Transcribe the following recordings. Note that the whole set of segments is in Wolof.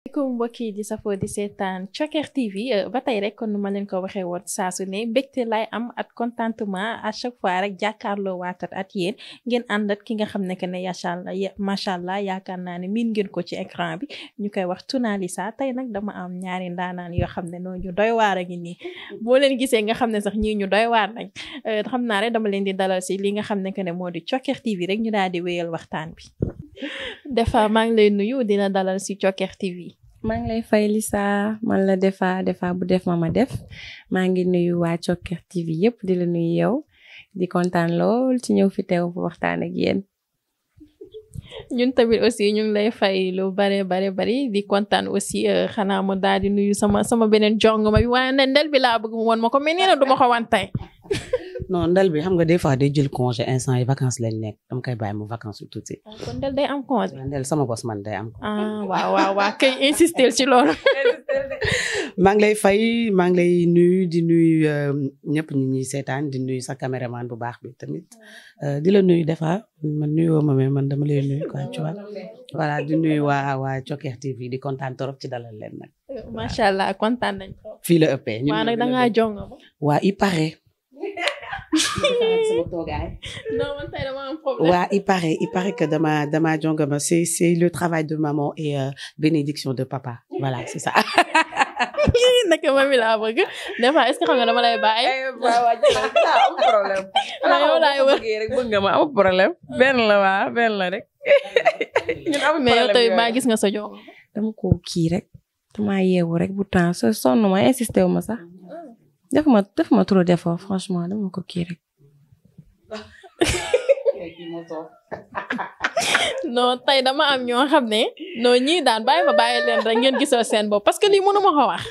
salaamaaleykum mbokk yi di safoo di seetaan Thioker TV euh, ba tey rek kon nu ma leen ko waxee woon saa su ne mbégte lay am at contentement à chaque fois rek jàkkaarloo waatat at yéen ngeen ànd ak ki nga xam ne que ne macha allah macha allah yaakaar naa ne miin ngeen ko ci écran bi ñu koy wax Touna Lisa tey nag dama am ñaari ndaanaan yoo xam ne noonu ñu doy waar a ngi nii boo leen gisee nga xam ne sax ñii ñu doy waar nañ euh, xam naa rek dama leen di dalal si li nga xam ne que ne moo di Thioker TV rek ñu daal di wéyal waxtaan bi. Defa maa ngi lay nuyu dina dalal si Thioker TV. maa ngi lay fay saa man la Defa Defa bu def ma ma def maa ngi nuyu waa Thioker TV yëpp di la nuyu yow di kontaan lool ci ñëw fi teew waxtaan ak yéen. ñun tamit aussi ñu ngi lay fay lu bare bare bari di kontaan aussi euh, xanaa ma daal di nuyu sama sama beneen jong ma bi waaye ndel bi laa bëgg mu woon ma ko mais nee na ma ko wan non ndel bi xam nga des fois day jël congé instant yi vacances lañ nekk dama koy bàyyi mu vacances tuuti. Ah, kon ndel day am congé. sama bos man day am. ah waaw waaw waaw kay insister ci loolu. maa ngi lay fay maa ngi nuyu di nuyu euh, ñëpp ñu ñuy seetaan di nuyu sa caméraman bu baax bi tamit euh, di la nuyu des fois man nuyoo ma mais man dama lay nuyu quoi tu vois di nuyu waa waa Thioker TV di kontaan trop ci dalal leen nag. macha allah sama toogaay. non man tey que dama dama jongama c'est c'est le travail de maman et euh, bénédiction de papa voilà c'est ça. naka mami laa bëgg des fois est nga dama lay bàyyi. Eh, waaw waaw am problème. waaw yow laay nga ma nga dama ko rek. dama yeewu rek bu temps so sonn ma insisté sax. Ah. defuma defuma trop d'effort franchement dama ko kii rek. non tey dama am ñoo xam ne non ñii daan bàyyi ma bàyyi leen rek ngeen gisoo seen bopp parce que lii mënu ma ko wax.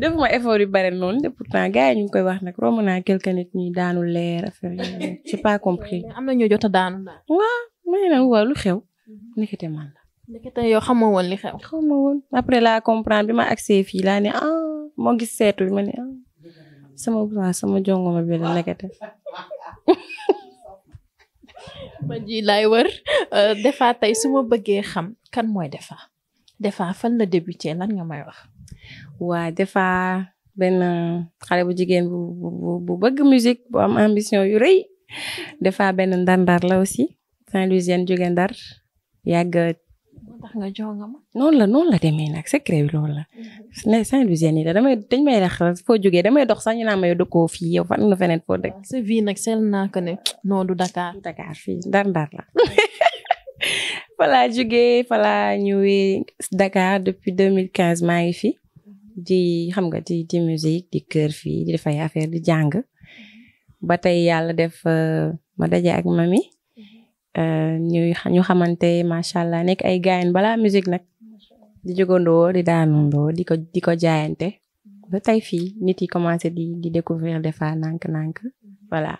defuma effort yu bare noonu te pourtant gars yi ñu ngi koy wax nag romb naa quelque nit ñi daanu leer affaire yi j'ai pas compris. am na ñoo jot a daanu naa. waaw may na lu xew. Mhm. ndekete man la. ndekete yow xamoo woon li xew. xamoo woon après laa comprendre bi ma accès fii laa ne ah moo gis seetu bi sama bras sama jongoma bi la nekkate man ji laay wër euh, Defa tey su ma bëggee xam kan mooy Defa Defa fan la débuté lan nga may wax waa Defa benn xale bu jigéen bu bu bëgg musique bu am ambition yu rëy Defa benn ndar-ndar la aussi Saint-Louisienne jóge ndar yàgg tax nga jonga ma. la noonu la demee nag secret bi loolu la. ne Saint-Louisien yi damay dañ may rax foo jógee damay dox sax ñu naan ma dëkkoo fii yow fan nga feneen foo dëkk. sa vie nag sell naa ko ne non du Dakar. fi Dakar fii ndar ndar la. voilà jógee voilà ñëwee Dakar depuis 2015 maa ngi fi. di xam nga di di musique di kër fii di def ay affaire di jàng. Mhm. ba tey yàlla def euh, ma daje ak mami. Euh, ñuy ñu xamante macha allah nekk ay gaayen balaa musique nag di jógandoo di daanandoo di ko di ko jaayante ba tey fii nit yi commencé di di découvrir des fois nànk-nànk voilà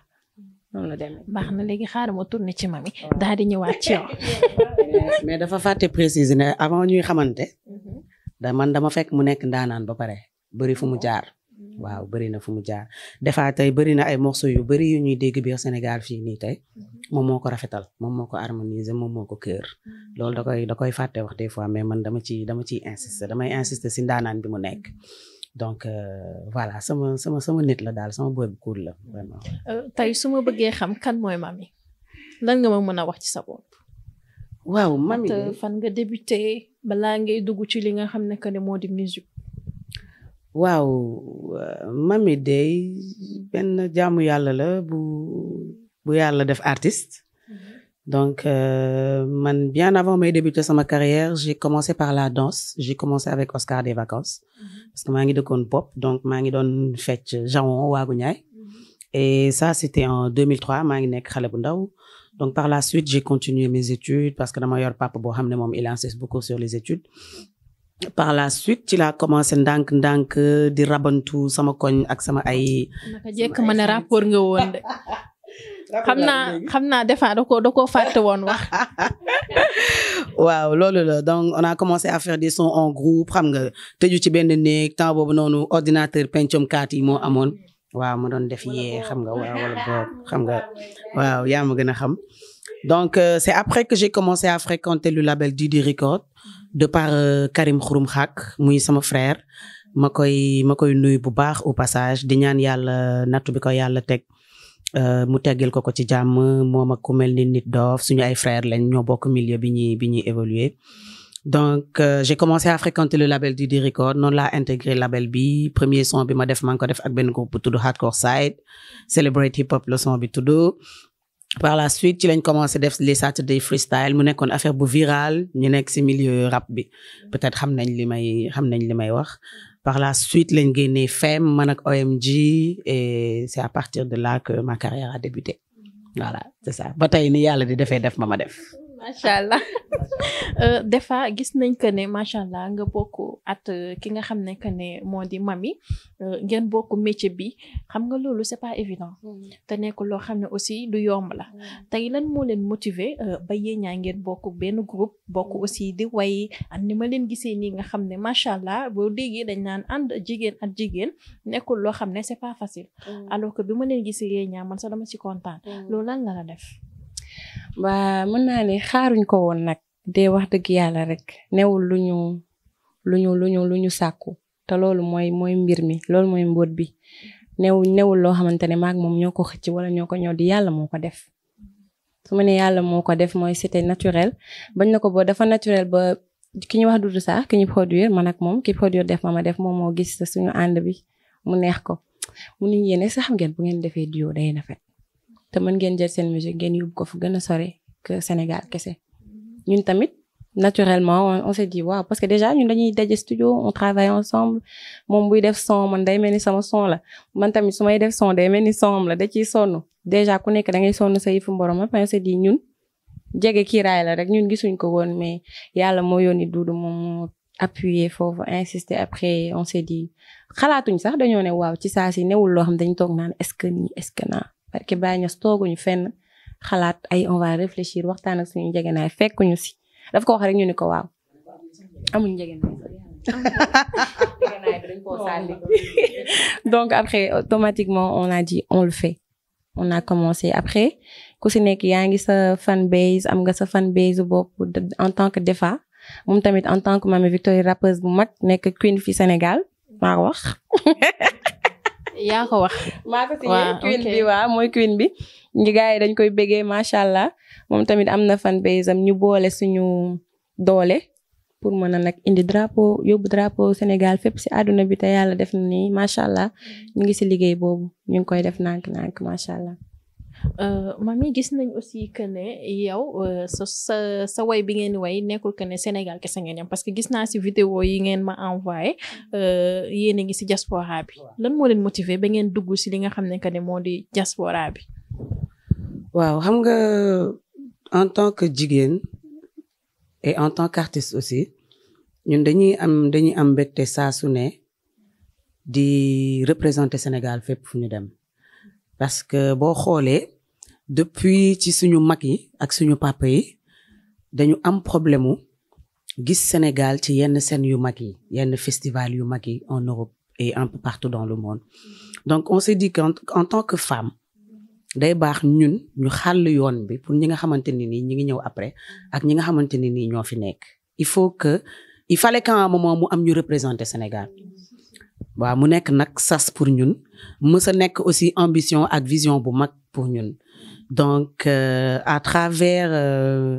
noonu la demee. baax na léegi xaaral ma tourné ci mami daal di ñëwaat mais dafa fàtte préciser ne avant ñuy xamante. Mhm. da man dama fekk mu nekk ndaanaan ba pare bëri fu mu jaar. waaw bëri na fu mu jaar defaa tey bëri na ay morceau yu bëri yu ñuy bi biir Sénégal fii nii tey mm-hmm. moom moo ko rafetal moom moo ko harmoniser moom moo ko kër mm-hmm. lool da koy da koy fàtte wax des fois mais man dama ci dama ciy insister damay insister si ndaanaan bi mu nekk donc euh, voilà sama sama sama la daal sama booy bu cool la vraiment. Euh, tey su ma bëggee xam kan mooy mami lan nga ma mën a wax ci sa bopp. waaw mami fan nga débuté balaa ngay dugg ci li nga xam ne que ne moo musique. waaw mami day benn jaamu yàlla la bu bu yàlla def artiste mhm. donc euh, man bien avant may débuter sama carrière j'ai commencé par la danse j'ai commencé avec Oscar des vacances mhm. parce que maa ngi dëkkoon pop donc maa ngi doon fecc jaon waagu ñaay mhm. et ça c'était en 2003 maa ngi nekk xale bu ndaw donc par la suite j'ai continué mes études parce que dama yor papa boo xam ne moom il insiste beaucoup sur les études par la suite ci laa commencé ndànk ndànk di rabantu sama koñ ak sama ay. naka jekk mën a rapport nga woon de. xam naa xam naa des fois da koo da koo fàtte woon wax. waaw loolu la donc on a commencé à des sons en groupe xam nga tëju ci benn néeg temps boobu noonu ordinateur pencum kaat yi moo amoon. waaw ma doon def yee xam nga waaw wala boog xam nga waaw yaa ma gën xam donc euh, c' après que j'ai commencé à fréquenter le label Didi Record mm-hmm. de par euh, Karim Xurum Xaak muy sama frère ma koy ma koy nuyu bu baax au passage di ñaan yàlla nattu bi ko yàlla teg euh, mu teggil ko ko ci jàmm moom ak ku mel ni nit doof suñu ay frère lañ ñoo bokk milieu bi ñuy bi ñuy évoluer donc euh, j'ai commencé à fréquenter le label Didi Record noonu la intégré label bi premier son bi ma def maa ngi ko def ak benn groupe bu tudd Hardcore Side Celebrate Hip Hop le son bi tudd par la suite ci lañ commencé def les Saturday freestyle mu nekkoon affaire bu virale ñu nekk ci milieu rap bi peut-être xam nañ li may xam nañ li may wax par la suite lañ génnee Femme man ak OMG et c'est à partir de là que ma carrière a débuté voilà c'est ça ba di defee def ma ma def macha allah euh, des fois gis nañ que ne macha allah nga bokk at ki nga xam ne que ne moo di mami euh, ngeen bokk métier bi xam nga loolu c'est pas évident. Mm. te nekkul loo xam ne aussi lu yomb la. Mm. tey lan moo leen motiver euh, ba yéen ñaa ngeen bokk benn groupe bokk mm. aussi di way ak ni ma leen gisee nii nga xam ne macha allah boo déggee dañ naan ànd jigéen ak jigéen nekkul loo xam ne c'est pas facile. alors que bi ma leen gisee yéen ñaa man sax dama ci kontaan. loolu lan la la def. waa mën naa ne xaaruñ ko woon nag dee wax dëgg yàlla rek newul lu ñu lu ñu lu ñu lu ñu sàkku te loolu mooy mooy mbir mi loolu mooy mbóot bi new newul loo xamante ne maag moom ñoo ko xëcc wala ñoo ko ñoo di yàlla moo ko def su ma ne yàlla moo ko def mooy c'était naturel bañ na ko ba dafa naturel ba ki ñu wax dudu sax ki ñu produire man ak moom ki produire def ma ma def moom moo gis suñu ànd bi mu neex ko mu ni yéene sax xam ngeen bu ngeen defee duo day rafet te mën ngeen jël seen musique ngeen yóbbu ko fu gën a sore Sénégal kese ñun tamit naturellement on s'est dit waaw parce que déjà ñun dañuy daje studio on moom buy def son man day mel ni son son la man tamit su may def son day mel ni son la da ciy sonn déjà ku nekk da ngay sonn sa yëfu mborom la on sé dit ñun jege kiiraay la rek ñun gisuñ ko woon mais yàlla moo yónni Dudu moom moo appuyer foofu insister après on s'est dit xalaatuñ sax dañoo ne waaw ci saa si newul loo xam dañ toog naan est-ce que nii est parce que bàyyi ñas tooguñu fenn xalaat ay on va réfléchir waxtaan ak suñu njëgënaay fekkuñu si daf ko wax rek ñu ni ko waaw amuñu njëgënaay donc après automatiquement on a dit on le fait on a commencé après ku si nekk yaa ngi sa fan base am nga sa fan base bopp en tant que Defa moom tamit en tant que Mamy Victory rappeuse bu mag nekk queen fi Sénégal maa wax yaa ko wax. maa ko signé queen bi waaw mooy queen bi. ñu gars yi dañ koy bëggee macha allah moom tamit am na fan am ñu boole suñu doole. pour mën a nag indi drapeau yóbbu drapeau Sénégal fépp si àdduna bi te yàlla def na ni macha allah mm-hmm. ñu ngi si liggéey boobu ñu ngi koy def nànk-nànk macha allah. Euh, mami gis nañ aussi que ne yow euh, sa sa sa way bi ngeen di way nekkul que ne Sénégal kese ngeen yam parce que gis naa si vidéo yi ngeen ma envoyé mm-hmm. euh, yéen a ngi si diaspora bi lan moo leen motiver ba ngeen dugg si li nga xam ne que ne moo di diaspora bi. waaw xam nga en tant que jigéen et en tant qu'artiste aussi ñun dañuy am dañuy am mbégte saa su ne di représenter Sénégal fépp fu ñu dem parce que boo xoolee. depuis ci suñu mag yi ak suñu papa yi dañu am problème mu gis Sénégal ci yenn scène yu mag yi yenn festival yu mag yi en Europe et un peu partout dans le monde donc on s'est dit qu'en en tant que femme day baax ñun ñu xàll yoon bi pour ñi nga xamante ne nii ñi ngi ñëw après ak ñi nga xamante ne nii ñoo fi nekk il faut que il fallait qu'à un moment mu am ñu représenter Sénégal waaw mu nekk nag sas pour ñun mësa nekk aussi ambition ak vision bu mag pour ñun donc euh, à travers euh,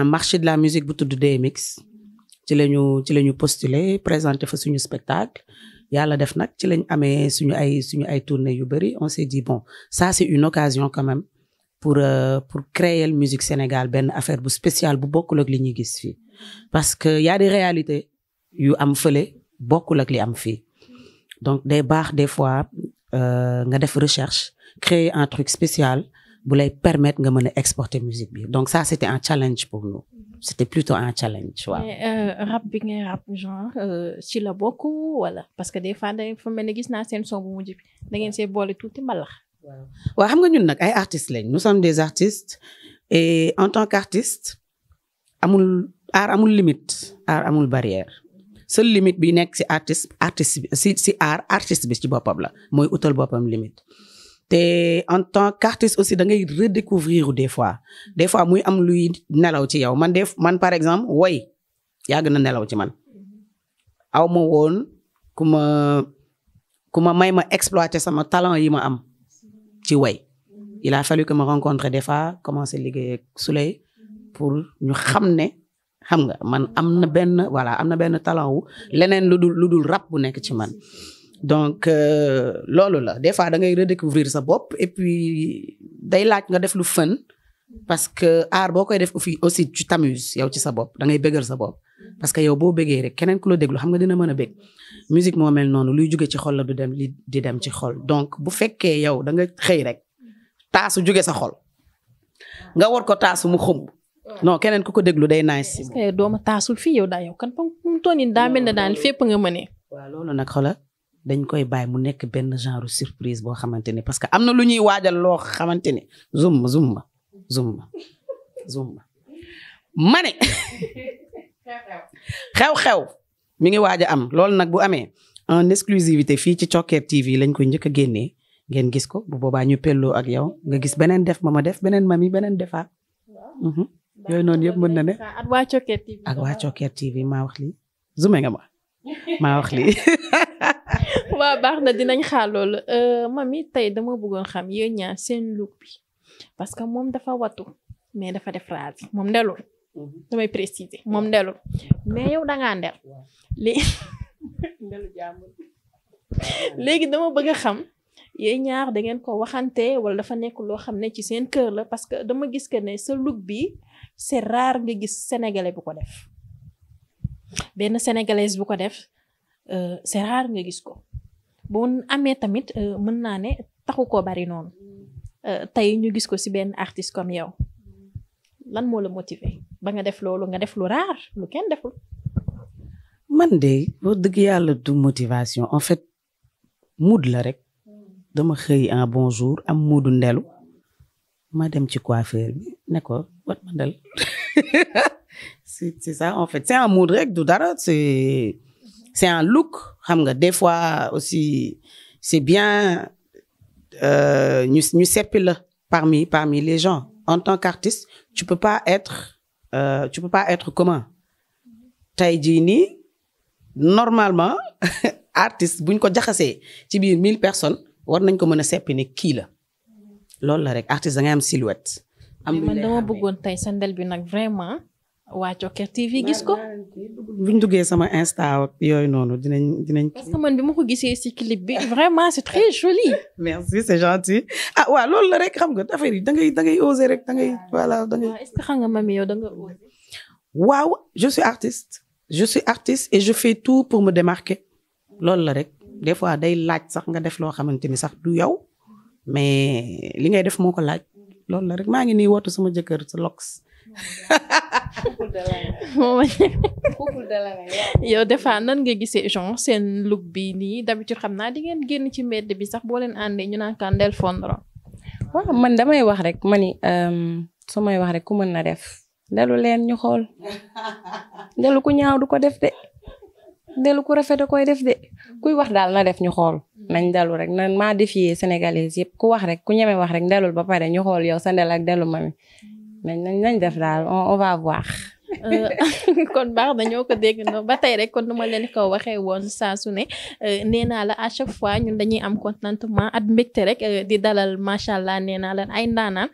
un marché de la musique bu tudd DMX ci la ñu ci la ñu postuler présenter fa suñu spectacle yàlla def nag ci lañ amee suñu ay suñu ay tournées yu bëri on s'est dit bon ça c'est une occasion quand pour euh, pour créer musique Sénégal benn affaire bu spéciale bu bokkul ak li ñuy gis fii parce que y a des réalités yu am fële bokkul ak li am fii donc day baax des fois nga def recherche créer un truc spécial bu lay permettre nga mën a exporter musique bi donc ça c'était un challenge pour nous c'était plutôt un challenge waaw. mais euh, rap bi genre euh, ci la bokk wala parce que des fois day mel ne gis naa seen son bu mujj bi da ngeen see boole tuuti mbalax. waaw waaw xam nga ñun nag ay artistes lañ nous sommes des artistes et en tant qu'artiste amul art amul limite art amul barrière seule limite bi nekk si artiste artiste si si art artiste boppam la mooy utal boppam limite. te en tant qu'artiste aussi da ngay redécouvrir des fois des fois muy am luy nelaw ci yow man def man par exemple woy yàgg na nelaw ci man aw ma woon ku ma ku ma may ma exploité sama talent yi ma am ci woy il a fallu ma rencontre des fois commencer liggéey ak pour ñu xam ne xam nga man am na benn voilà am na benn talent wu leneen lu dul lu dul rap bu nekk ci man donc euh, loolu la des fois da ngay redécouvrir sa bopp et puis day laaj nga def lu fën parce que aar boo koy def aussi aussi tu t'amuses yow ci sa bopp dangay ngay bëggal sa bop parce que yow boo bëggee rek keneen ku la déglu xam nga dina mën a bëgg musique moo mel noonu luy jóge ci xol la du dem li di dem ci xol donc bu fekkee yow da nga xëy rek taasu jóge sa xol nga war ko taasu mu xumb. non keneen ku ko déglu day naaj si. dooma taasul fii yow daa yow nga mënee. waaw loolu nag dañ koy bàyyi mu nekk benn genre surprise boo xamante ne parce que am na lu ñuy waajal loo xamante ne zumba zumba zumba zumba ma ne xew-xew mi ngi waaj a am loolu nag bu amee en exclusivité fii ci Thioker TV lañ koy njëkk a génnee ngeen gis ko bu boobaa ñu pelloo ak yow nga gis beneen def ma ma def beneen mami beneen defaat mhm. yooyu noonu yëpp mën na ne ak waa Thioker TV maa wax lii zume ma maa waa baax na dinañ xaar loolu euh, mami tey dama bëggoon xam yéen ñaar seen look bi parce que moom dafa watu mais dafa def raas moom ndelul mhm. damay préciser moom ndelul mais yow danga ngaa ndel léegi dama bëgg xam yéen ñaar da ngeen ko waxante wala dafa nekk loo xam ne ci seen kër la parce que dama gis que ne sa look bi c'est rare nga gis sénégalais bu ko def benn sénégalaise bu ko def euh, c'est rare nga gis ko bu amee tamit euh, mën naa ne taxu ko bari noonu euh, tey ñu gis ko ci benn artiste comme yow lan moo la motiver ba nga def loolu nga def lu raar lu kenn deful. man de boo dëgg yàlla du motivation en fait mood la rek dama xëy un bonjour am moodu ndelu ma dem ci coiffeur bi ne ko wat ma ndel c'est ça en fait c'est un mood rek du dara c'est un look xam nga des fois aussi c'est bien euh, ñu ñu seppi la parmi parmi les gens en tant qu'artiste tu peux pas être euh, tu peux pas être commun tey jii nii normalement artiste buñ ko jaxasee ci biir mille personnes war nañ ko mën a seppi ne kii la loolu la rek artiste da ngay am silhouette. am dama bëggoon tey sandel bi nag vraiment. waa Thioker TV gis ko. buñ duggee sama insta ak yooyu noonu dinañ dinañ. parce que man bi ma ko gisee ci clip bi vraiment c'est très joli. merci c'est gentil ah waaw loolu la rek xam nga affaire yi da ngay da ngay oser rek da ngay voilà da ngay. est-ce que da nga oser. waaw je suis artiste. je suis artiste tout pour me démarquer. loolu la rek des fois day laaj sax nga def loo xamante ni sax du yow mais li ngay def moo ko laaj. loolu la rek maa ngi nii wootu sama jëkkër sa lox. yow des fois nan nga gisee genre seen look bi nii d'habitude xam na di ngeen génn ci mbedd bi sax boo leen àndee ñu naan kan del fondron. man damay wax rek ma ni euh, su may wax rek ku mën na def dalu leen ñu xool delu ku ñaaw du ko def de delu ku rafet a koy def de kuy wax daal na def ñu xool nañ dalu rek nan maa défier sénégalais yëpp ku wax rek ku ñeme wax rek delul ba pare ñu xool yow sa ndel ak delu ma mais nañ nañ def daal on va voir. Euh, kon baax na ñoo ko dégg no ba tey rek kon nu ma leen ko waxee woon saa su ne euh, nee naa la à chaque fois ñun dañuy am contentement at mbégte rek euh, di dalal macha allah nee naa leen ay ndaanaan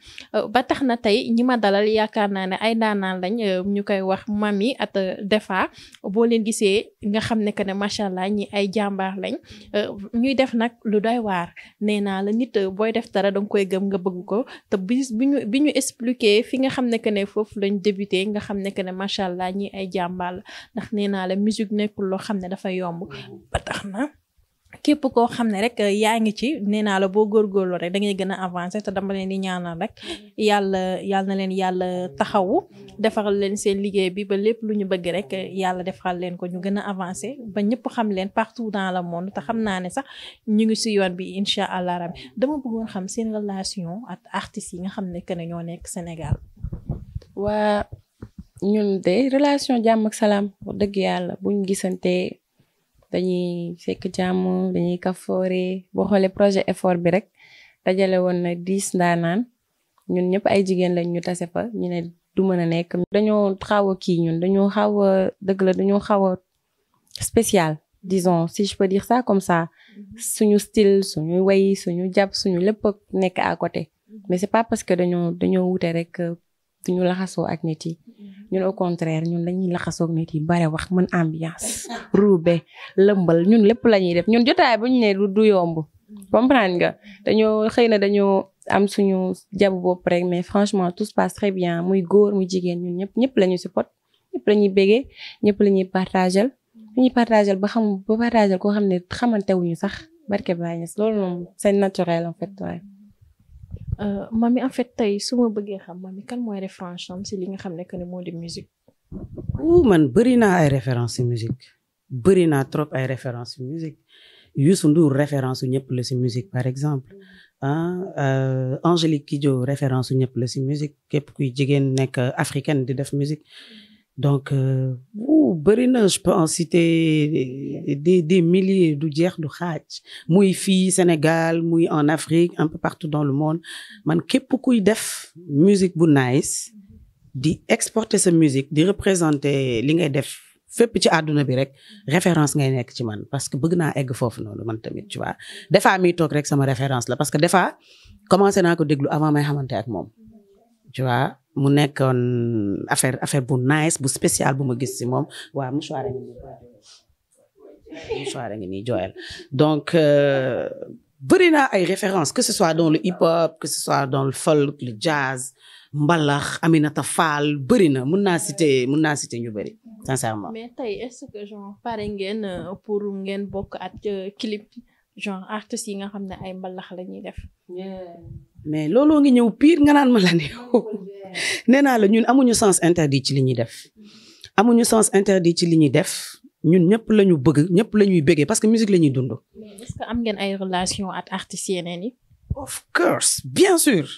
ba tax na tey ñi ma dalal yaakaar naa ne ay ndaanaan lañ ñu koy wax mami at defa boo leen gisee nga xam ne que ne macha allah ñi ay jàmbaar lañ ñuy def nag lu doy waar nee naa la nit booy def dara danga koy gëm nga bëgg ko te bi bi ñu bi ñu expliqué fi nga xam ne que ne foofu lañ débuté nga xam ne ne macha allah ñi ay jàmbaar la ndax nee naa la musique nekkul loo xam ne dafa yomb mm-hmm. ba tax na képp koo xam ne rek yaa ngi ci nee naa la boo góorgóorlu rek da ngay gën a avancé te dama leen di ñaanal rek mm-hmm. yàlla yàlla na leen yàlla mm-hmm. taxawu defaral leen seen liggéey bi ba lépp lu ñu bëgg rek yàlla defaral leen ko ñu gën a avancé ba ñëpp xam leen partout dans le monde te xam naa ne sax ñu ngi si yoon bi incha allah rabi dama bëggoon xam seen relation ak artistes yi nga xam ne que ñoo nekk Sénégal. ñun de relation jàmm ak salaam dëgg yàlla buñ gisante dañuy fekk jàmm dañuy kafoore boo xoolee projet effort bi rek dajale woon na dix naan ñun ñëpp ay jigéen lañ ñu tase fa ñu ne du mën a nekk. dañoo xaw a kii ñun dañoo xaw a dëgg la dañoo xaw a spécial disons si je peux dire ça comme ça mm-hmm. suñu style suñu way suñu jàpp suñu lépp nekk à côté mm-hmm. mais c'est pas parce que dañoo dañoo wute rek. duñu laxasoo ak nit yi mm-hmm. ñun au contraire ñun lañuy laxasoo ak nit yi bare wax mën ambiance ruube lëmbal ñun lépp la ñuy def ñun jotaay bu ñu ne du yomb mm-hmm. comprendre nga dañoo xëy na dañoo am suñu jabu bopp rek mais franchement tout se passe très bien muy góor muy jigéen ñun ñëpp ñëpp la ñu support ñëpp la ñuy bégee ñëpp la ñuy partagel mm-hmm. ñuy partagel ba xam ba partagel koo xam ne xamante wuñu sax barke bàyyi loolu moom c'est naturel en fait waaye Euh, mami en fait tey su ma bëggee xam mami kan mooy référence am si li nga xam ne que ne moo di musique. wuu man bëri naa ay référence si musique bëri naa trop ay référence si musique Youssou Ndour référence ñëpp la si musique par exemple. ah euh, Angélique Kidjo référence ñëpp la si musique képp kuy jigéen nekk africaine di def musique. donc euh, wu bëri na je peux en euh, des milliers du jeex du xaaj muy fii Sénégal muy en Afrique un peu partout dans le monde man képp kuy def musique bu nice di exporter sa musique di représenter li ngay def fépp ci àdduna bi rek référence ngay nekk ci man parce que bëgg naa egg foofu noonu man tamit tu vois des fois toog rek sama référence la parce que des fois commencé naa ko déglu avant may xamante ak moom tu mu nekkoon affaire affaire bu nice bu spécial bu ma gis si moom waaw mouchoir a ngi nii mouchoir a ngi donc euh, bëri naa ay références que ce soit dans le hip hop que ce soit dans le folk le jazz mbalax Aminata Fall bëri na mun naa citer mun naa citer ñu bëri mais tey est-ce que genre pare ngeen euh, pour ngeen bokk ak euh, clip. genre artistes yi nga xam ne ay mbalax la ñuy def. mais looloo ngi ñëw pire nga naan ma la néew. nee naa la ñun amuñu sens interdit ci li ñuy def. amuñu sens interdit ci li ñuy def ñun ñëpp la ñu bëgg ñëpp la ñuy bëggee parce que musique la ñuy dund. mais que am ngeen ay relation ak artistes yi. of course bien sûr.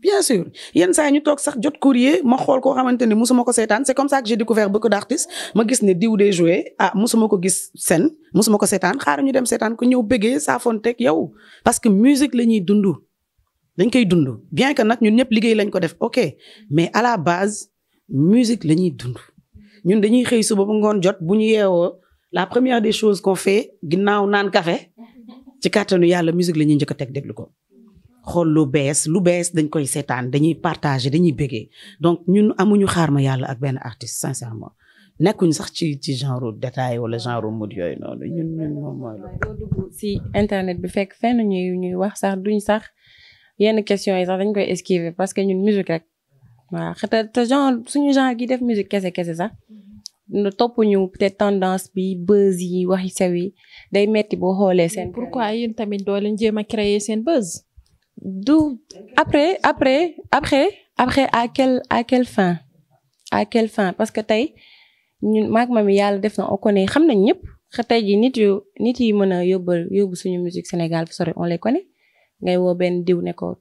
bien sûr yenn saa yi ñu toog sax jot courrier ma xool koo xamante ne musuma ko seetaan c'est comme ça que j'ai découvert ko d'artistes ma gis ne diw dee joué ah musuma ko gis scène musuma ko seetaan xaaral ñu dem seetaan ko ñëw bëggee saafonteeg yow parce que musique la ñuy dund dañ koy dund bien que nag ñun ñëpp liggéey lañ ko def ok mais à la base musique la ñuy dund ñun dañuy xëy suba ba ngoon jot bu ñu yeewoo la première des choses qu'on ginnaaw naan café ci kàttanu yàlla musique la ñuy njëkk teg déglu ko xool lu bees lu bees dañ koy seetaan da dañuy da dañuy bëggee donc ñun amuñu xaar ma yàlla ak benn artiste sincèrement nekkuñ sax ci ci genre détail wala genre mode yooyu noonu ñun ñun moom mooy loolu si internet bi fekk fenn ñuy ñuy wax sax duñ sax yenn questions yi sax dañ koy esquiver parce que ñun musique rek waaw te te genre suñu genre gi def musique kese kese sax topp ñu peut-être tendance bi buzz yi waxi sew yi day metti boo xoolee seen. pourquoi yéen tamit seen buzz. du après après après après à quelle fin à quelle fin parce que tey ñun maak ma mi yàlla def na on connaît xam nañ ñëpp tey jii nit yu nit yi mën a yóbbal yóbbu suñu musique Sénégal fu sori on les connaît ngay woo benn diw ne ko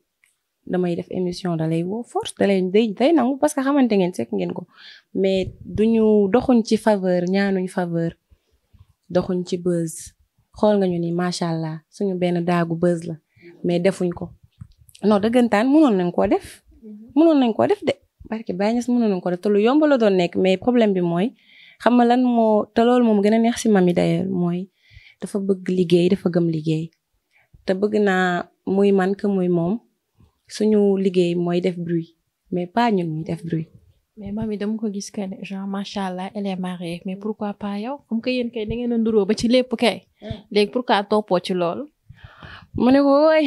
damay def émission da lay woo force da lay day day nangu parce que xamante ngeen sekk ngeen ko mais duñu doxuñ ci faveur ñaanuñ faveur doxuñ ci buzz xool nga ñu ni macha allah suñu benn daagu buzz la mais defuñ ko. non dëggantaan mënoon nañ koo def. Mhm. mënoon nañ ko def de barke Baye Niass mënoon nañ ko def te lu yomb la doon nekk mais problème bi mooy xam nga lan moo te loolu moom gën a neex si mami d'ailleurs mooy dafa bëgg liggéey dafa gëm liggéey te bëgg na muy man que muy moom suñu liggéey mooy def bruit mais pas ñun ñuy def bruit. mais mami dam ko gis que ne genre macha allah elle est mariée mais pourquoi pas yow comme que yéen kay da ngeen a nduroo ba ci lépp kay. pour ka toppoo ci loolu. mu ne wooy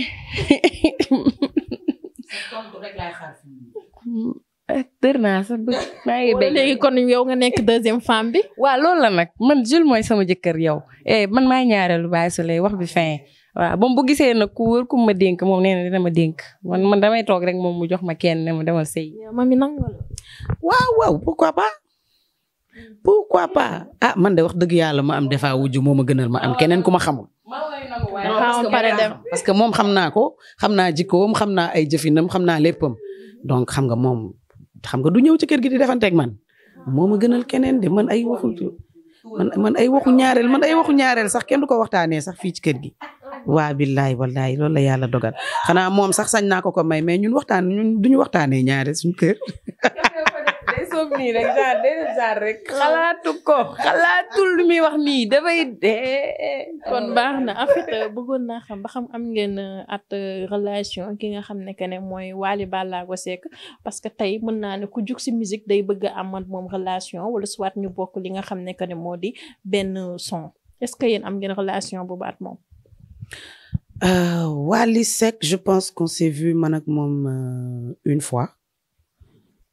dër naa sax bëgg maa ngi bëgg léegi kon yow nga nekk deuxième femme bi waa lool la nag man Jules mooy sama jëkkër yow eh man maay ñaareelu Baye Soleil wax bi fin waaw moom bu gisee nag ku wër ku ma dénk moom nee na dina ma dénk man man damay toog rek moom mu jox ma kenn ne ma demal sëy mami nangu la waaw waaw pourquoi pas pourquoi pas ah man de wax dëgg yàlla ma am defaa wujju moo ma gënal ma am keneen ku ma xamul waaw pare dem que moom xam naa ko xam naa jikkoom xam naa ay jëfinam xam naa léppam donc xam nga moom xam nga du ñëw ci kër gi di defanteeg man moom a gënal keneen de man ay waxu man man ay waxu ñaareel man ay waxu ñaareel sax kenn du ko waxtaanee sax fii ci kër gi. waa billaay wallaay loolu la yàlla dogal xana moom sax sañ naa ko ko may mais ñun waxtaan ñun duñu waxtaanee ñaareel suñu kër. comme nii rek genre day ko xalaatul lu muy wax nii dafay dee. kon baax na en fait euh, bëggoon naa xam ba xam am ngeen euh, at euh, relation ki nga xam ne que ne mooy Wally Ballago Seck parce que tey mën naa ne ku jug si musique day bëgg a amat moom relation wala soit ñu bokk li nga xam ne que ne moo di benn son est-ce que yéen am ngen relation boobu at moom. Wally Seck je pense qu'on s'est vu man ak moom une fois.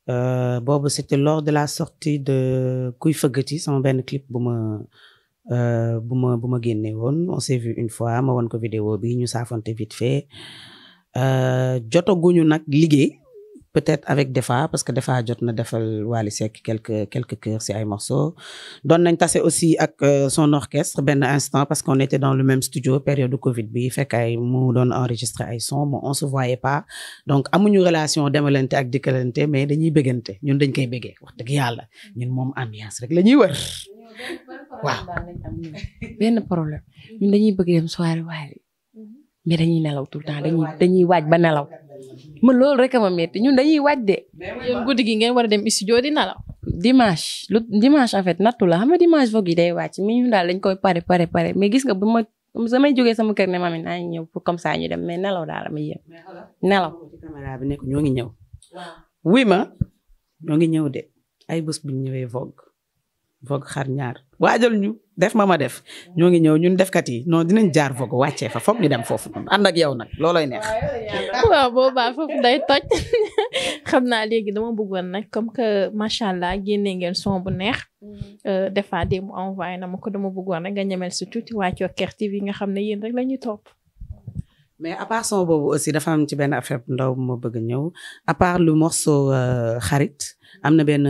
Euh, boobu c'était lors de la sortie de kuy fëggati sama benn clip bu ma euh, bu ma bu ma génne woon on s'est une fois ma woon ko vidéo bi ñu saafante vite fait euh, jotaguñu nag liggéey peut-être avec Defa parce que Defa jot na defal Wally Seck quelques quelques si ay morceaux doon nañ tase aussi ak euh, son orchestre benn instant parce qu'on était dans le même studio période de Covid bi fekk ay mu doon enregistré ay son mais on se voyait pas donc amuñu relation demalante ak dikkalante mais dañuy bëggante ñun dañ koy bëggee wax dëgg ñun moom ambiance rek la ñuy wër waaw problème ñun dañuy bëgg dem soirée mhm. mais dañuy nelaw tout temps dañuy dañuy ma loolu rek a ma metti ñun dañuy waaj de. yow guddi gi ngeen war a dem studio di nalaw. dimanche lu dimanche en fait nattu la xam nga dimanche foog yi day wàcc mi ñun daal dañ koy pare pare pare mais gis nga bu ma samay sama kër ne mami naa ñëw pour comme ça ñu dem mais nelaw daal ma yem nelaw. caméra bi nekk ñoo ngi ñëw. wuy ma ñoo ngi ñëw de ay bés bu ñu ñëwee vogue. vogue xar ñaar waajal ñu def ma ma def ñoo ngi ñëw ñun defkat yi non dinañ jaar vogue wàccee fa foog ñu dem foofu ànd ak yow nag loolooy neex. waaw boobaa foofu day toj xam naa léegi dama bëggoon nag comme que macha allah génne ngeen son bu neex. Mm-hmm. Euh, des fois de mu envoyé na o ko dama bëggoon rek nga ñemel si tuuti waa Thioker TV nga xam ne yéen rek la ñuy mais à part son boobu aussi dafa am ci benn affaire ndaw bu ma bëgg ñëw à part le morceau euh, xarit am na benn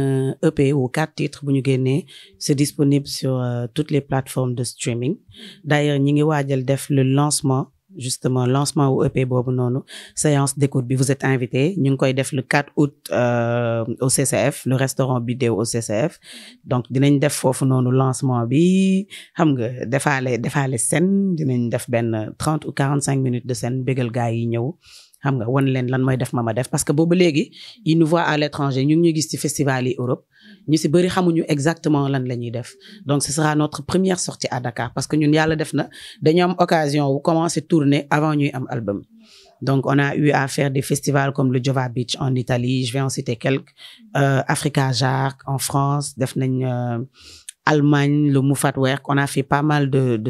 EP euh, e ou quatre titres bu ñu génnee c'est disponible sur euh, toutes les plateformes de streaming d'ailleurs ñi ngi waajal def le lancement justement lancement wu EP boobu noonu séance d'écoute bi vous êtes invité ñu ngi koy def le 4 août euh, au CCF le restaurant Bidéo au CCF donc dinañ def foofu noonu lancement bi xam nga defaale defaale scène dinañ def benn 30 ou cinq minutes de scène bégal gaa yi ñëw xam nga wan leen lan mooy def ma ma def parce que boobu léegi ils nous voient à l'étranger ñu ngi gis ci festival yi Europe ñu si bëri xamuñu exactement lan la ñuy def donc ce sera notre première sortie à Dakar parce que ñun yàlla def na dañu am occasion wu commencer tourner avant ñuy am album donc on a eu à faire des festivals comme le Jova Beach en Italie je vais en citer quelques euh, Africa Jark en France def nañ euh, Allemagne le Moufatwerk on a fait pas mal de de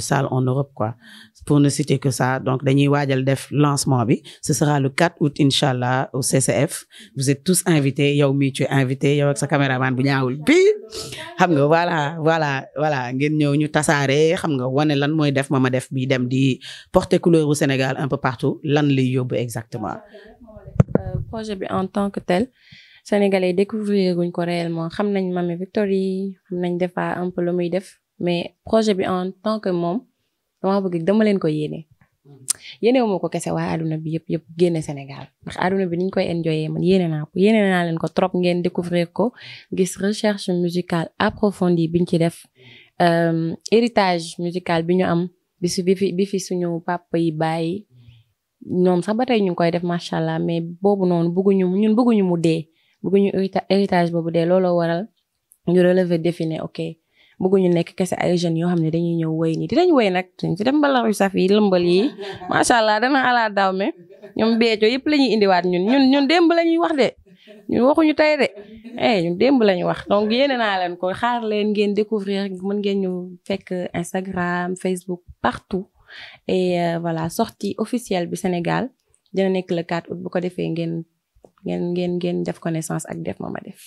pour ne citer que ça donc dañuy waajal def lancement bi ce sera le 4 août incha allah au CCF vous êtes tous invités yow mii tu es invité yow sa caméraman bu ñaawul bi xam nga voilà voilà ngeen ñëw ñu tasaare xam nga wane lan mooy ma ma def bi dem di porter couleur au Sénégal un peu partout lan lay yóbbu exactement. Euh, projet bi en tant que tel. Sénégalais découvrir guñ ko réellement xam nañ Mamy Victory xam nañ des fois un peu lu muy def mais bi en tant que moom. dama bëgg dama leen ko yéene yéene wu ma ko kese waaye àdduna bi yëpp yëpp génne Sénégal ndax bi niñ koy enjoyé man yéene naa ko yéene leen ko trop ngeen découvrir ko gis recherche musicale approfondie biñ ci def euh, héritage musical bi ñu am bi su bi fi bi fi papa yi bàyyi ñoom sax ba tey ñu ngi koy def macha allah mais boobu noonu bëgguñu ñun bëgguñu mu dee bëgguñu héritage boobu dee looloo waral ñu relever défi ok bëgguñu nekk kese ay jeunes yoo xam ne dañuy ñëw woy nii dinañ woy nak dañ fi dem mbalaxu saf yi lëmbal yi macha allah dana alaa daaw me ñoom beeco yëpp la ñuy indiwaat ñun ñun ñun démb la ñuy wax de ñun waxuñu tey de eh ñun démb la wax donc yéene naa leen ko xaar leen ngeen découvrir mën ngeen ñu fekk Instagram Facebook partout et euh, voilà sortie officielle bi Sénégal dina nekk le 4 août bu ko defee ngeen ngeen ngeen ngeen def connaissance ak def ma ma def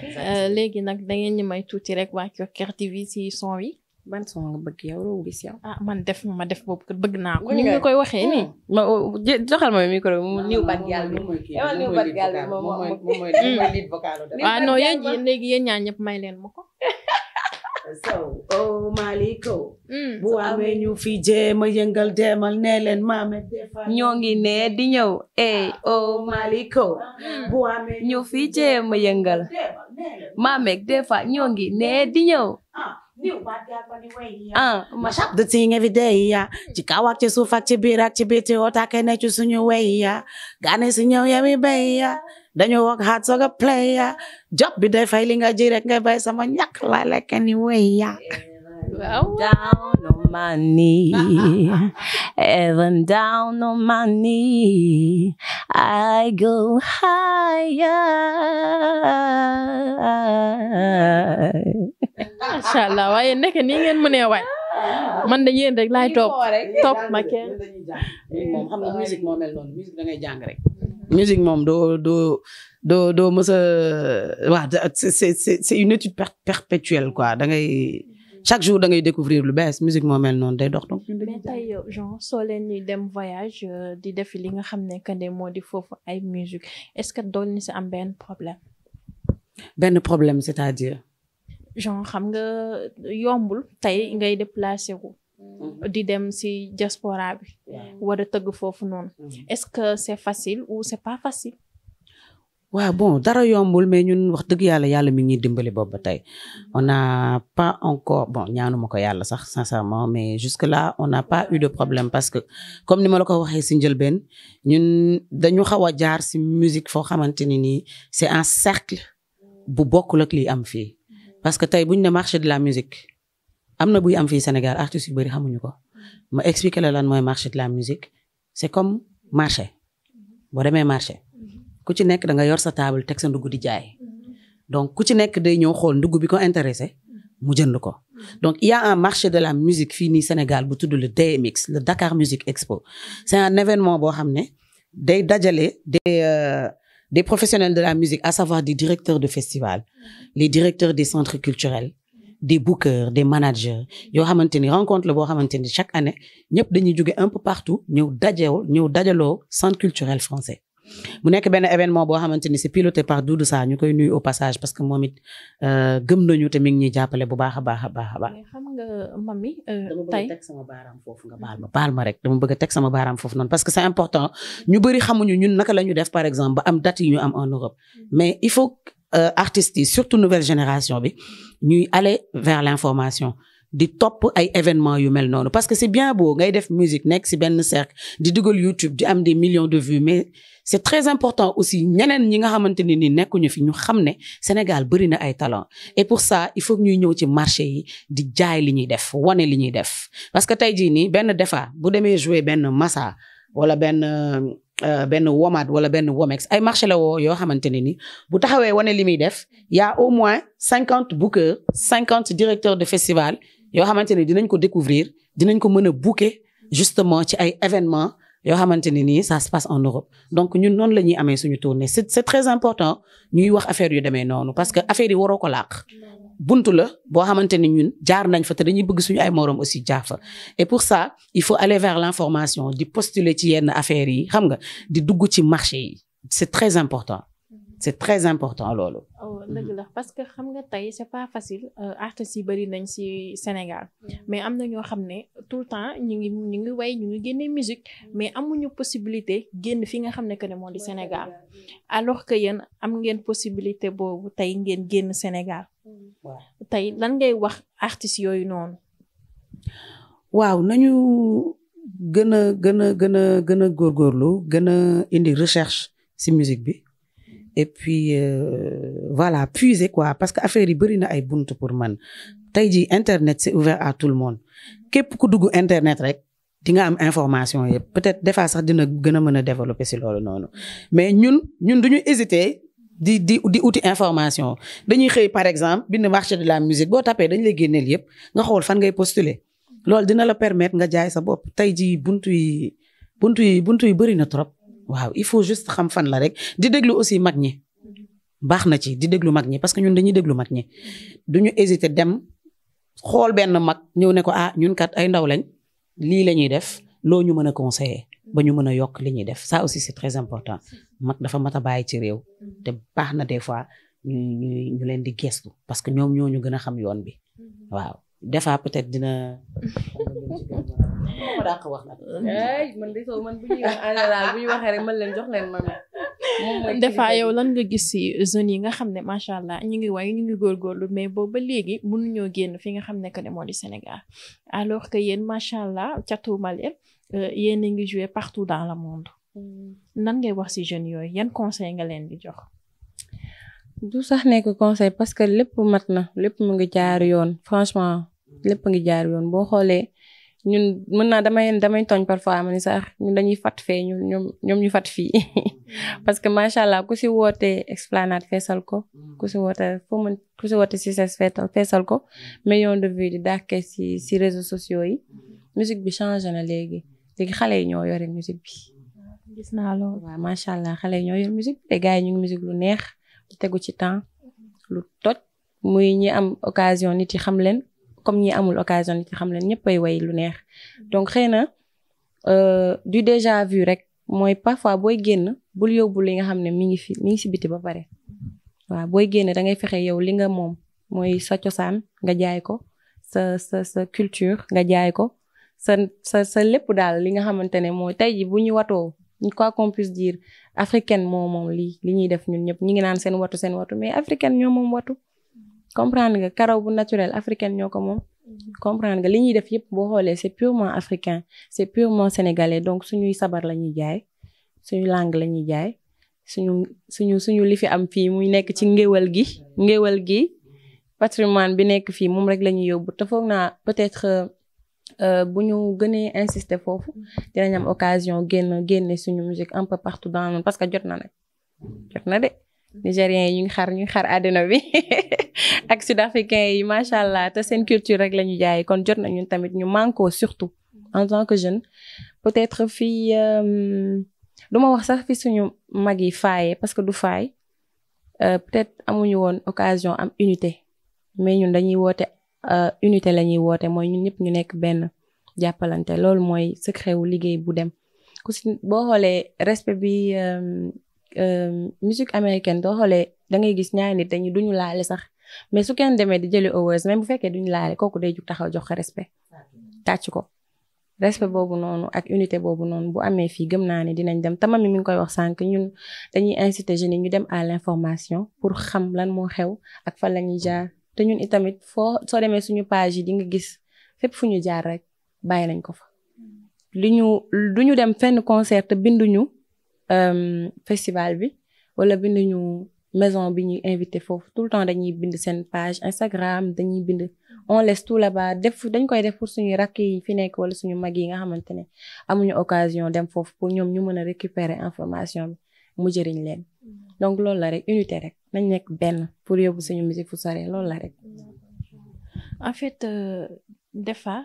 Euh, léegi nag da ngeen ñu may tuuti rek waa Kër TV si son yi ban son nga bëgg yow loolu ah man def ma def boobu bëgg naa ko. ni nga koy waxee nii. Hmm. ma oh, joxal ma micro bi mu ah, niw bat yàlla bi. moom mooy ah, ñaa ñëpp may leen ma ko. sow oh Maliko. Mm, bu amee eh, ah, oh, oh, mm. ñu fi jéem a yëngal demal nee leen maame eh, ñoo ngi nee di ñëw eh oh Maliko. bu amee ñu fi jéem a yëngal. maame defa ñoo ngi nee di ñëw. ah, ah mash up the thing every day mm. ci kaw ak ci suuf ci biir ak ci biti otaake ne ci suñu way ya gaane si ñëw ya mi dañoo wax hard soccer player job bi day fay li nga ji rek nga bay sama ñàkk laa lekk I go higher. Masha Allah waaye nekk nii ngeen mënee waay man de yéen rek laay topp topp rek musique moom doo doo doo doo mës a waaw c'est c'est une étude perpétuelle quoi da ngay chaque jour da ngay découvrir lu bees musique moo mel noonu day dox donc. mais tey yow genre soo dem voyage euh, di def li nga xam ne que ne moo di foofu ay musique est-ce que doon ni si am benn problème. benn problème c'est-à-dire. genre xam nga yombul tey ngay déplacer wu. Mm-hmm. di dem si diaspora bi war a tëgg foofu noonu mm-hmm. est-ce que c'est facile ou c'est pas facile waaw bon dara yombul mais ñun wax dëgg yàlla yàlla mi ngi dimbali boobu ba tey mm-hmm. on n'a pas encore bon ñaanuma ko yàlla sax sincèrement mais jusque là on n'a pas eu de problème parce que comme ni ma la ko waxee si njëlbeen ñun dañu xaw a jaar si musique foo xamante ni nii c'est un cercle bu bokkul ak li am fii parce que tey buñ ne marché de la musique am na buy am fii Sénégal artistes yu bëri xamuñu ko ma expliquer la lan mooy marché de la musique c'est comme marché boo demee marché ku ci nekk da nga yor sa table teg sa di jaay donc ku ci nekk day ñëw xool ndugg bi ko intéressé mu jënd ko donc il y a marché de la musique fii nii Sénégal bu tudd le DMX le Dakar Music Expo c'est un événement boo xam ne day dajale de euh, des professionnels de la musique à savoir des directeurs de festivals les directeurs des centres culturels des bookers des managers yoo xamante ni rencontre la boo xamante ni chaque année ñëpp dañuy jóge un peu partout ñëw dajewul ñëw dajaloo centre culturel français. mu nekk benn événement boo xamante ni c'est piloté par Doudou Sarr ñu koy nuyu au passage parce que moom it euh, gëm nañu te mi ñuy jàppale bu baax a baax a baax a baax. xam nga mami tey euh, dama bëgg a teg sama baaraam foofu nga baal ma baal ma rek dama bëgg a teg sama baaraam foofu noonu parce que c'est important ñu bëri xamuñu ñu naka la ñu def par exemple ba am date yi ñu am en Europe mm. Euh, artistes yi surtout nouvelle génération bi ñuy aller vers l'information di topp ay événements yu mel noonu parce que c'est bien beau ngay def musique nekk si benn cercle di dugal YouTube di am des millions de vues mais c'est très important aussi ñeneen ñi nga xamante ne ni nekkuñu fi ñu xam ne Sénégal bari na ay talent et pour ça il faut ñuy ñëw ci marché yi di jaay li ñuy def wane li ñuy def parce que tey jii nii benn defa bu demee jouer benn massa wala benn euh, Euh, benn Walmart wala benn Womex ay marché la woo yoo xamante ne ni bu taxawee wane li muy def y a au moins cinquante bookers cinquante directeurs de festival yoo xamante ne dinañ ko découvrir dinañ ko mën a booker justement ci ay événements yoo xamante ne nii ça se passe en Europe donc ñun noonu la ñuy amee suñu tournée c'est c'est très important ñuy wax affaire yu demee noonu parce que affaire yi waroo ko làq bunt la boo xamante ni ñun jaar nañ fa te dañuy bëgg suñu ay morom aussi jaar fa et pour ça il faut aller vers l'information di postuler ci yenn affaires yi xam nga di dugg ci marché yi c'est très important c'est très important loolu. oh dëgg parce que xam nga tey c'est pas facile euh, artistes yi bari nañ ci Sénégal mm. mais am na ñoo xam ne tout le temps ñu ngi ñu ngi way ñu ngi génne musique mm. mais amuñu possibilité génn fi nga xam ne que ne moo di Sénégal alors que yéen am ngeen possibilité boobu tey ngeen génn Sénégal. tey lan ngay wax artistes yooyu noonu. waaw nañu gën a gën a gën a gën a góorgóorlu gën a indi recherche ci musique bi et puis euh, voilà puiser quoi parce que affaire yi bëri na ay bunt pour man tey jii internet c'est ouvert à tout le monde képp ku dugg internet rek di nga am information yëpp peut-être defa sax dina gën a mën a développer ci loolu noonu mais ñun ñun duñu hésiter di di di uti information dañuy xëy par exemple bind marché de la musique boo tapee dañ lay génneel yëpp nga xool fan ngay postuler loolu dina la permettre nga jaay sa bopp tey jii buntu yi buntu yi buntu yi bëri na trop waaw il faut juste xam fan la rek di déglu aussi mag ñi baax na ci di déglu mag ñi parce que ñun dañuy déglu mag ñi duñu hésiter dem xool benn mag ñëw ne ko ah ñun kat ay ndaw lañ lii la ñuy def loo ñu mën a conseiller ba ñu mën a yokk li ñuy def ça aussi c'est mag dafa mat a bàyyi ci réew mm-hmm. te baax na des fois ñu ñu ñu leen di gestu parce que ñoom ñoo ñu gën a xam yoon bi mm-hmm. waaw des peut-être dina. moo man de soo man wax ah, en général man leen jox leen man. des fois yow lan nga gis si zone yi ga xam ne macha allah ñu ngi way ñu ngi góorgóorlu mais boobu ba léegi mënuñoo génn fi nga xam ne que ne moo di Sénégal alors que yéen macha allah catu Malherbe euh, yéen a ngi joué partout dans le monde. nan ngay wax ci jeunes yooyu yan conseil nga leen di jox. du sax nekk conseil parce que lépp mat na lépp mu ngi jaar yoon franchement lépp ngi jaar yoon boo xoolee ñun mën naa damay damay tooñ parfois ma ni sax ñun dañuy fat fee ñoom ñoom ñu fat fii parce que macha allah ku si woote Esplanade sal ko ku si woote foo mën ku si woote Success sal ko million de vues di dàkkee si si réseaux sociaux yi musique bi changé na léegi léegi xale yi ñoo yore musique bi. gis naa loolu macha allah xale yi ñoo musique te gars yi ñu ngi musique lu neex tegu ci temps lu toj muy ñi am occasion nit yi xam leen comme ñi amul occasion nit yi xam leen ñëppay way lu neex donc xëy na euh, du déjà vu rek mooy parfois booy génn bul yóbbu li nga xam ne mi ngi fi mi ngi si biti ba pare waaw booy génn da ngay fexe yow li nga moom mooy sa cosaan nga jaay ko sa sa sa culture nga jaay ko sa sa sa lépp daal li nga xamante ne mooy tey ji bu ñu watoo quoi qu'on puisse dire africaine moo moom li ñuy def ñëpp ñu ngi naan seen watu seen watu mais africaine ñoo moom watu comprendre nga karaw bu naturel africaine ñoo ko moom comprendre nga li ñuy def yëpp boo xoolee c'est purement africain c'est purement sénégalais donc suñuy sabar la ñuy jaay suñu langue la ñuy jaay suñu suñu suñu li fi am fii muy nekk ci ngéwal gi ngéwal gi patrimoine bi nekk fii moom rek la ñuy yóbbu te foog peut-être euh, Euh, bu ñu gënee insister foofu dinañ am occasion génn génne suñu musique un peu dans le parce que jot na nag jot na de nigériens yi ñu xaar ñu ngi xaar àddina bi ak sud africain yi macha allah te seen culture rek la ñu jaay kon jot na ñun tamit ñu manko surtout en tant que jeune peut-être fii euh, du ma wax sax fi suñu mag yi faaye parce que du fay euh, peut-être amuñu woon occasion am unité mais ñun dañuy woote Euh, unité la ñuy woote mooy ñun ñëpp ñu nekk benn jàppalante loolu mooy secret wu liggéey bu dem ku si boo xoolee respect bi euh, euh, musique américaine boo xoolee da ngay gis ñaari nit dañu duñu laale sax mais su kenn demee di jëli awards même bu fekkee duñu laale kooku day jug taxaw jox ko respect tàcc ko respect boobu noonu ak unité boobu noonu bu amee fii gëm naa ne dinañ dem tamami mi ngi koy wax sànq ñun dañuy inciter jeunes ñu dem à l'information pour xam lan moo xew ak fan la ñuy te ñun itamit foo soo demee suñu page yi di nga gis fépp fu ñu jaar rek bàyyi nañ ko fa li ñu du ñu dem fenn concert te binduñu euh, festival bi wala binduñu maison bi ñuy invité foofu tout le temps dañuy bind seen page Instagram dañuy bind on laisse tout là-bas def dañ koy def pour suñu rakk yi fi nekk wala suñu mag yi nga xamante ne amuñu occasion dem foofu pour ñoom ñu mën a récupérer information bi mu jëriñ leen donc loolu la rek unité rek nañ nekk benn pour yóbbu suñu musique fu sore loolu la rek. en fait euh, Defa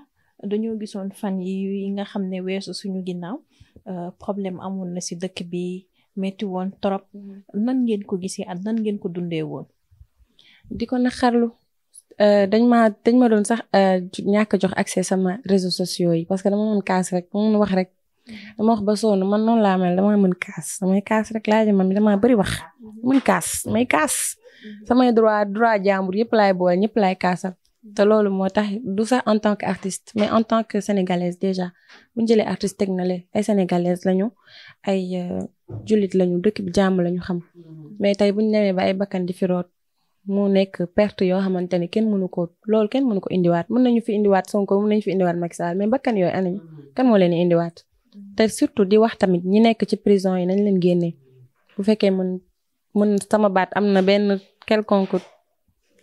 dañoo gisoon fan yi yi nga xam ne weesu suñu ginnaaw euh, problème amoon na ci dëkk bi metti woon trop nan ngeen ko gisee ak nan ngeen ko dundee woon. di ko xarlu euh, dañ ma dañ ma doon sax euh, ñàkk jox accès sama réseaux sociaux yi parce que dama doon kaas rek mu wax rek. dama wax ba sonn man noonu laa mel dama mën kaas damay kaas rek laa man dama bëri wax mën kaas may kaas samay droit droit jàmbur yëpp laay boole ñëpp laay kaasal te loolu moo tax du sax en tant que artiste mais en tant que sénégalaise déjà bu jële jëlee artiste teg na le ay sénégalaise lañu ay euh, jullit lañu dëkk bi jàmm lañu xam mais tey bu ñu demee ba ay bakkan di fi root mu nekk perte yoo xamante ni ken mënu ko loolu kenn mënu ko indiwaat mën nañu fi indiwaat Sonko mën nañu fi indiwaat Macky Sall mais bakkan yooyu anañu kan moo leen indiwaat. te surtout di wax tamit ñi nekk ci prison yi nañ leen génnee bu fekkee mën mën sama baat am na benn quelconque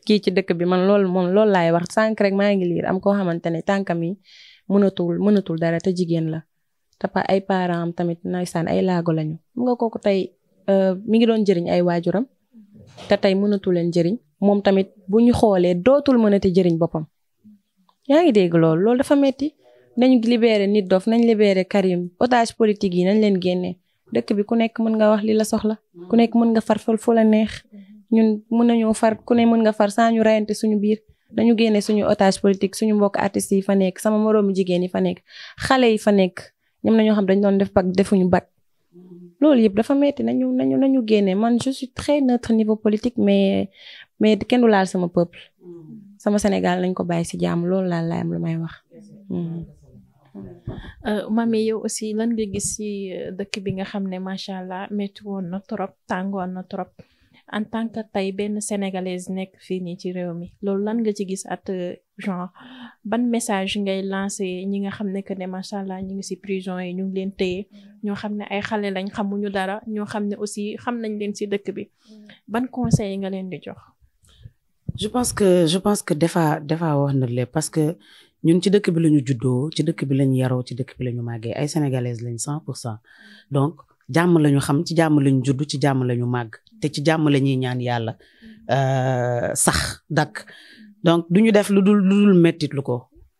kii ci dëkk bi man loolu moom loolu laay wax sànq rek maa ngi liir am koo xamante ne tànkam yi mënatul mënatul dara te jigéen la te pa ay parents am tamit ndeysaan ay laago lañu mu kooku tey euh, mi ngi doon jëriñ ay waajuram te tey mënatu leen jëriñ moom tamit bu ñu xoolee dootul mënati jëriñ boppam yaa ngi dégg loolu loolu dafa metti nañu libéré nit dof nañ libéré Karim otage politique yi nañ leen génnee dëkk bi ku nekk mën nga wax li la soxla ku nekk mën nga far fu la neex ñun mën nañoo far ku ne mën nga far sans ñu rayante suñu biir nañu génne suñu otage politique suñu mbokk artistes yi fa nekk sama moroomu jigéen yi fa nekk xale yi fa nekk ñoom nañoo xam dañ doon def bac defuñu bag loolu yëpp dafa metti nañu nañu nañu génne man je suis très neutre niveau politique mais mais kenn laal sama peuple sama Sénégal nañ ko bàyyi ci jàmm loolu laal laay am lu may wax mm. Euh, mami yow aussi lan nga gis ci euh, dëkk bi nga xam ne macha allah métti woon na trop tàngoon na trop en tant que tey benn sénégalaise nekk fii nii ci réew mi loolu lan nga ci gis at euh, genre ban message ngay lancé ñi nga xam ne que ne macha allah ñu ngi ci prison yi ñu ngi leen téye ñoo xam ne ay xale lañ xamuñu dara ñoo xam ne aussi xam nañ leen ci dëkk bi ban conseil nga leen di jox. je pense que je pense que defa dafa wax na lépp parce que ñun ci dëkk bi la ñu juddoo ci dëkk bi la ñu yaroo ci dëkk bi la ñu màggee ay sénégalaise lañ cent pour cent donc jàmm la ñu xam ci jàmm la ñu judd ci jàmm la ñu màgg te ci jàmm la ñuy ñaan yàlla euh, sax dakk donc du ñu def lu dul lu dul lu ko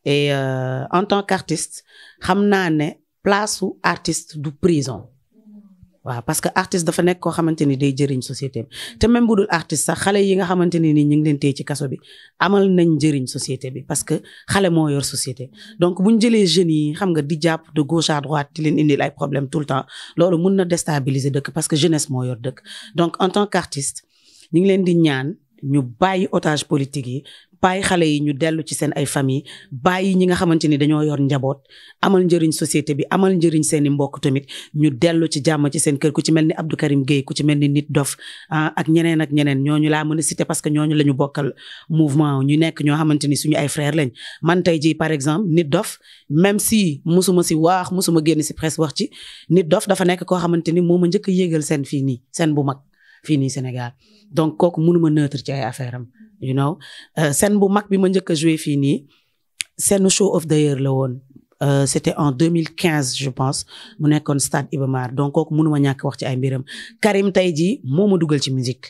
et euh, en tant qu'artiste xam naa ne place su artiste du prison waaw parce que artiste dafa nekk koo xamante ni day jëriñ société bi même bu dul artiste sax xale yi nga xamante ne nii ñu ngi leen téye ci kaso bi amal nañ njëriñ société bi parce que xale moo yor société donc bu ñu jëlee jeunes yi xam nga di jàpp de gauche à droite di leen indil ay problème tout le temps loolu mun na déstabiliser dëkk parce que jeunesse moo yor dëkk donc en tant qu'artiste ñu ngi leen di ñaan ñu bàyyi otage politique yi bàyyi xale yi ñu dellu ci seen ay famille bàyyi ñi nga xamante ni dañoo yor njaboot amal njëriñ société bi amal njëriñ seen i mbokk tamit ñu dellu ci jàmm ci seen kër ku ci mel ni Abdou Karim Gueye ku ci mel ni Nit Dof ah, ak ñeneen ak ñeneen ñooñu laa mën a citer parce que ñooñu la ñu bokkal mouvement ñu nekk ñoo xamante ni suñu ay frère lañ man tey ji par exemple Nit Dof même si musuma si waax musuma génn si presse wax ci Nit Dof dafa nekk koo xamante ni moo ma njëkk yéegal seen fii nii seen bu mag fii nii Sénégal donc kooku mënuma neutre ci ay affaire am you know euh, scène bu mag bi ma njëkk a joué fii nii scène show of the year la woon euh, c'était en 2015 je pense mu nekkoon stade Iba Mar donc kooku mënuma ñàkk wax ci ay mbiram Karim tey jii moo ma dugal ci misique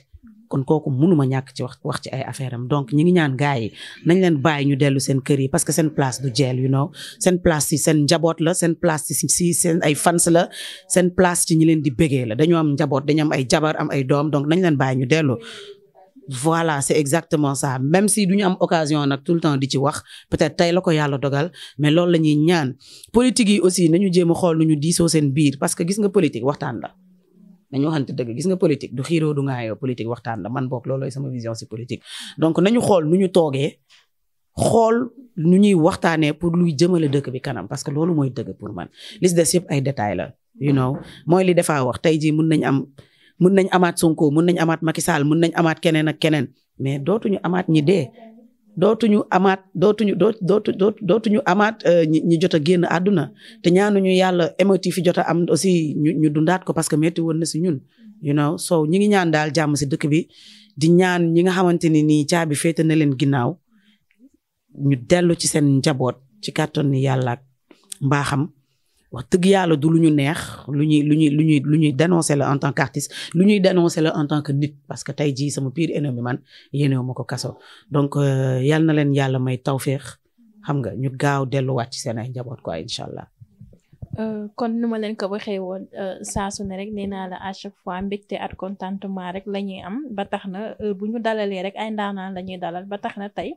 kon kooku mënuma ñàkk ci wax wax ci ay affaire am donc ñi ngi ñaan gars yi nañ leen bàyyi ñu dellu seen kër yi parce que seen place du jeel you know sen place si seen njaboot la seen place si si seen ay fans la seen place ci ñi leen di bégee la dañoo am njaboot dañoo am ay jabar am ay doom donc nañ leen bàyyi ñu dellu voilà c'est exactement ça même si du ñu am occasion nag tout le temps di ci wax peut-être tey la ko yàlla dogal mais loolu la ñuy ñaan politique yi aussi nañu jéem a xool nu ñu diisoo seen biir parce que gis nga politique waxtaan la nañu waxante dëgg gis nga politique du xiiroo du ngaayoo politique waxtaan la man boog loolooy sama vision si politique. donc nañu xool nu ñu toogee xool nu ñuy waxtaanee pour luy jëmale dëkk bi kanam parce que loolu mooy dëgg pour man li si des yëpp ay détails la you know mooy li dafaa wax tey jii mun nañ am mun nañ amaat Sonko mun nañ amaat Macky Sall mun nañ amaat keneen ak keneen mais dootuñu amaat ñi dee. dootuñu amaat dootuñu doo dootu dootuñu amaat euh, ñi ñi jot a génn àdduna te ñaanuñu yàlla émeute yi fi jot a am aussi ñu ñu dundaat ko parce que métti woon na si ñun. you know so ñi ngi ñaan daal jàmm si dëkk bi di ñaan ñi nga xamante ni nii caabi féete na leen ginnaaw ñu dellu ci seen njaboot ci kàttan ni yàlla mbaaxam. wax dëgg yàlla du lu ñu neex lu ñuy lu ñuy lu ñuy lu ñuy dénoncer la en tant qu'artiste lu ñuy dénoncer la en tant que nit parce que tey jii sama pire ennemi man yéenewu ma ko kaso donc euh, yal na leen yàlla may tawféex xam nga ñu gaaw delluwaat ci seen ay njaboot quoi allah Euh, kon nu ma leen ko waxee woon euh, saa su ne rek nee naa la à chaque fois mbégte at contentement rek la ñuy am ba tax na euh, bu ñu dalalee rek ay ndaanaan la ñuy dalal ba tax na tey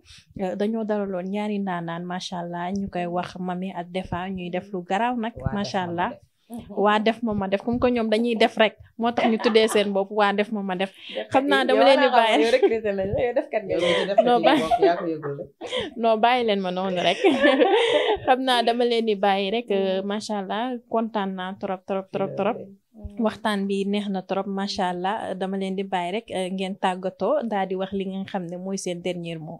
dañoo dalaloon ñaari ndaanaan macha allah ñu koy wax mami ak defa ñuy def lu garaaw nag macha allah. waa def ma ma def comme que ñoom dañuy def rek moo tax ñu dee seen bopp waa def ma ma def xam naa dama leen di bàyyi leen ma noonu rek xam naa dama leen di bàyyi rek euh, mm. macha allah kontaan naa trop trop trop trop waxtaan bi neex na trop macha allah dama leen di bàyyi rek euh, ngeen tàggatoo daal di wax li nga xam ne mooy seen dernier mot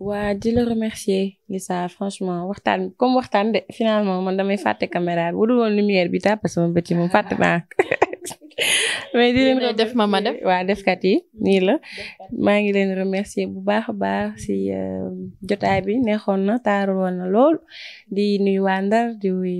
waa di la remercier Lisa franchement waxtaan comme waxtaan de finalement man damay fàtte caméra bi wudul woon lumière bi tàpp sama bët yi moom fàtte naa mais di leen def ma ma def wa defkat yi nii la maa ngi leen remercier bu baax a baax si euh, jotaay bi neexoon na taarul woon na lool di nuyu waa Ndar di